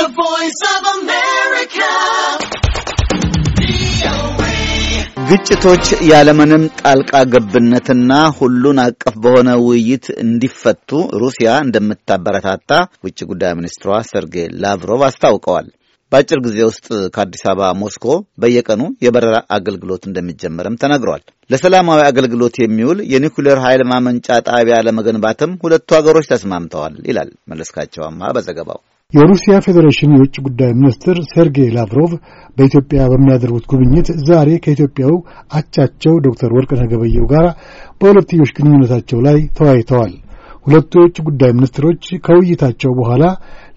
The Voice of America. ግጭቶች ያለምንም ጣልቃ ገብነትና ሁሉን አቀፍ በሆነ ውይይት እንዲፈቱ ሩሲያ እንደምታበረታታ ውጭ ጉዳይ ሚኒስትሯ ሰርጌይ ላቭሮቭ አስታውቀዋል። በአጭር ጊዜ ውስጥ ከአዲስ አበባ ሞስኮ በየቀኑ የበረራ አገልግሎት እንደሚጀመርም ተነግሯል። ለሰላማዊ አገልግሎት የሚውል የኒኩሌር ኃይል ማመንጫ ጣቢያ ለመገንባትም ሁለቱ ሀገሮች ተስማምተዋል ይላል መለስካቸው አማ በዘገባው። የሩሲያ ፌዴሬሽን የውጭ ጉዳይ ሚኒስትር ሴርጌይ ላቭሮቭ በኢትዮጵያ በሚያደርጉት ጉብኝት ዛሬ ከኢትዮጵያው አቻቸው ዶክተር ወርቅነህ ገበየው ጋር በሁለትዮሽ ግንኙነታቸው ላይ ተወያይተዋል። ሁለቱ የውጭ ጉዳይ ሚኒስትሮች ከውይይታቸው በኋላ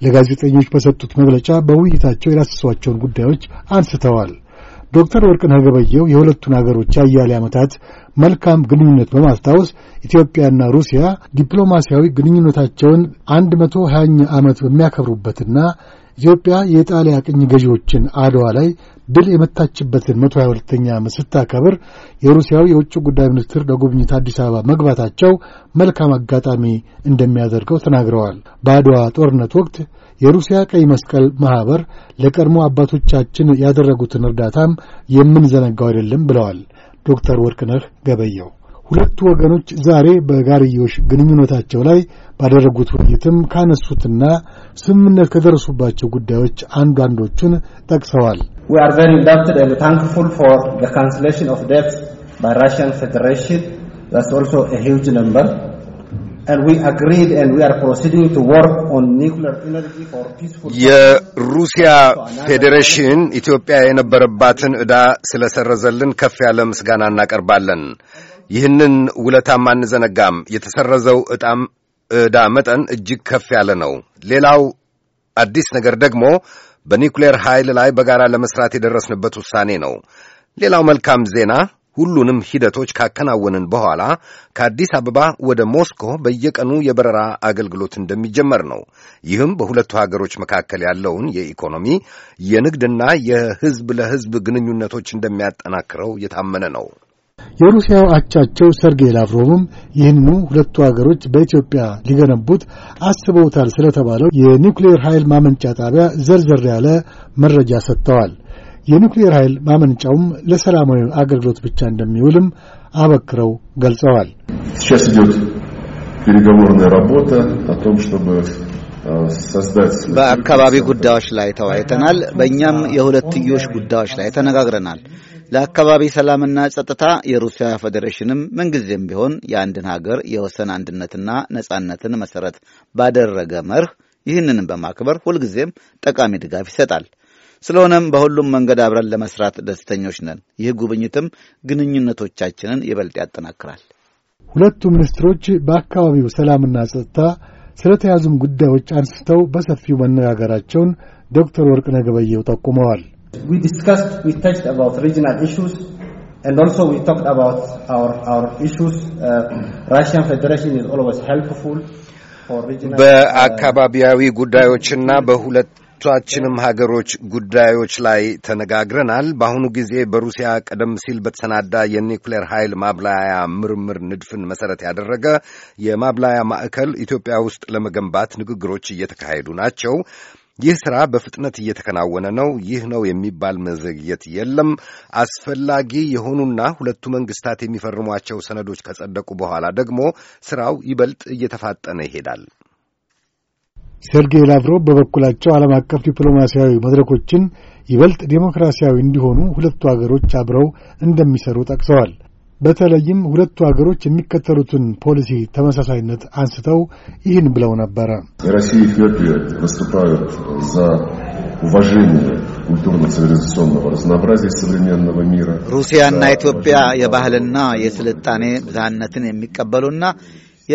ለጋዜጠኞች በሰጡት መግለጫ በውይይታቸው የዳሰሷቸውን ጉዳዮች አንስተዋል። ዶክተር ወርቅነህ ገበየሁ የሁለቱን አገሮች አያሌ ዓመታት መልካም ግንኙነት በማስታወስ ኢትዮጵያና ሩሲያ ዲፕሎማሲያዊ ግንኙነታቸውን አንድ መቶ ሀያኛ ዓመት በሚያከብሩበትና ኢትዮጵያ የጣሊያ ቅኝ ገዢዎችን አድዋ ላይ ድል የመታችበትን መቶ ሀያ ሁለተኛ ዓመት ስታከብር የሩሲያው የውጭ ጉዳይ ሚኒስትር ለጉብኝት አዲስ አበባ መግባታቸው መልካም አጋጣሚ እንደሚያደርገው ተናግረዋል። በአድዋ ጦርነት ወቅት የሩሲያ ቀይ መስቀል ማኅበር ለቀድሞ አባቶቻችን ያደረጉትን እርዳታም የምንዘነጋው አይደለም ብለዋል ዶክተር ወርቅነህ ገበየው። ሁለቱ ወገኖች ዛሬ በጋርዮሽ ግንኙነታቸው ላይ ባደረጉት ውይይትም ካነሱትና ስምምነት ከደረሱባቸው ጉዳዮች አንዱ አንዶቹን ጠቅሰዋል። ራሽያን ፌዴሬሽን የሩሲያ ፌዴሬሽን ኢትዮጵያ የነበረባትን ዕዳ ስለሰረዘልን ከፍ ያለ ምስጋና እናቀርባለን። ይህንን ውለታም አንዘነጋም። የተሰረዘው ዕዳ መጠን እጅግ ከፍ ያለ ነው። ሌላው አዲስ ነገር ደግሞ በኒውክሌር ኃይል ላይ በጋራ ለመስራት የደረስንበት ውሳኔ ነው። ሌላው መልካም ዜና ሁሉንም ሂደቶች ካከናወንን በኋላ ከአዲስ አበባ ወደ ሞስኮ በየቀኑ የበረራ አገልግሎት እንደሚጀመር ነው። ይህም በሁለቱ ሀገሮች መካከል ያለውን የኢኮኖሚ የንግድና የሕዝብ ለሕዝብ ግንኙነቶች እንደሚያጠናክረው የታመነ ነው። የሩሲያው አቻቸው ሰርጌይ ላቭሮቭም ይህኑ ሁለቱ ሀገሮች በኢትዮጵያ ሊገነቡት አስበውታል ስለተባለው የኒውክሌር ኃይል ማመንጫ ጣቢያ ዘርዘር ያለ መረጃ ሰጥተዋል። የኒውክሌር ኃይል ማመንጫውም ለሰላማዊ አገልግሎት ብቻ እንደሚውልም አበክረው ገልጸዋል። э, በአካባቢ ጉዳዮች ላይ ተወያይተናል። በእኛም የሁለትዮሽ ጉዳዮች ላይ ተነጋግረናል። ለአካባቢ ሰላምና ጸጥታ የሩሲያ ፌዴሬሽንም ምንጊዜም ቢሆን የአንድን ሀገር የወሰን አንድነትና ነጻነትን መሠረት ባደረገ መርህ ይህንንም በማክበር ሁልጊዜም ጠቃሚ ድጋፍ ይሰጣል። ስለሆነም በሁሉም መንገድ አብረን ለመስራት ደስተኞች ነን። ይህ ጉብኝትም ግንኙነቶቻችንን ይበልጥ ያጠናክራል። ሁለቱ ሚኒስትሮች በአካባቢው ሰላምና ጸጥታ ተያዙም ጉዳዮች አንስተው በሰፊው መነጋገራቸውን ዶክተር ወርቅነህ ገበየሁ ጠቁመዋል። uh, በአካባቢያዊ ጉዳዮችና በሁለት በሁለታችንም ሀገሮች ጉዳዮች ላይ ተነጋግረናል። በአሁኑ ጊዜ በሩሲያ ቀደም ሲል በተሰናዳ የኒውክሌር ኃይል ማብላያ ምርምር ንድፍን መሰረት ያደረገ የማብላያ ማዕከል ኢትዮጵያ ውስጥ ለመገንባት ንግግሮች እየተካሄዱ ናቸው። ይህ ስራ በፍጥነት እየተከናወነ ነው። ይህ ነው የሚባል መዘግየት የለም። አስፈላጊ የሆኑና ሁለቱ መንግስታት የሚፈርሟቸው ሰነዶች ከጸደቁ በኋላ ደግሞ ስራው ይበልጥ እየተፋጠነ ይሄዳል። ሴርጌይ ላቭሮቭ በበኩላቸው ዓለም አቀፍ ዲፕሎማሲያዊ መድረኮችን ይበልጥ ዴሞክራሲያዊ እንዲሆኑ ሁለቱ አገሮች አብረው እንደሚሰሩ ጠቅሰዋል። በተለይም ሁለቱ አገሮች የሚከተሉትን ፖሊሲ ተመሳሳይነት አንስተው ይህን ብለው ነበረ። ሩሲያና ኢትዮጵያ የባህልና የስልጣኔ ብዝሃነትን የሚቀበሉና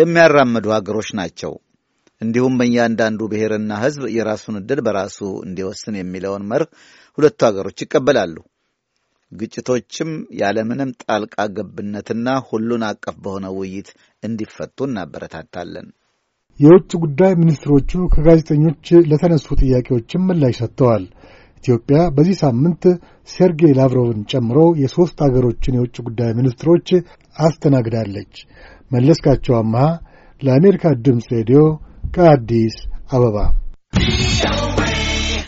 የሚያራምዱ አገሮች ናቸው። እንዲሁም በእያንዳንዱ ብሔርና ሕዝብ የራሱን ዕድል በራሱ እንዲወስን የሚለውን መርህ ሁለቱ አገሮች ይቀበላሉ። ግጭቶችም ያለምንም ጣልቃ ገብነትና ሁሉን አቀፍ በሆነ ውይይት እንዲፈቱ እናበረታታለን። የውጭ ጉዳይ ሚኒስትሮቹ ከጋዜጠኞች ለተነሱ ጥያቄዎችም ምላሽ ሰጥተዋል። ኢትዮጵያ በዚህ ሳምንት ሴርጌይ ላቭሮቭን ጨምሮ የሦስት አገሮችን የውጭ ጉዳይ ሚኒስትሮች አስተናግዳለች። መለስካቸው አመሃ ለአሜሪካ ድምፅ ሬዲዮ ከአዲስ አበባ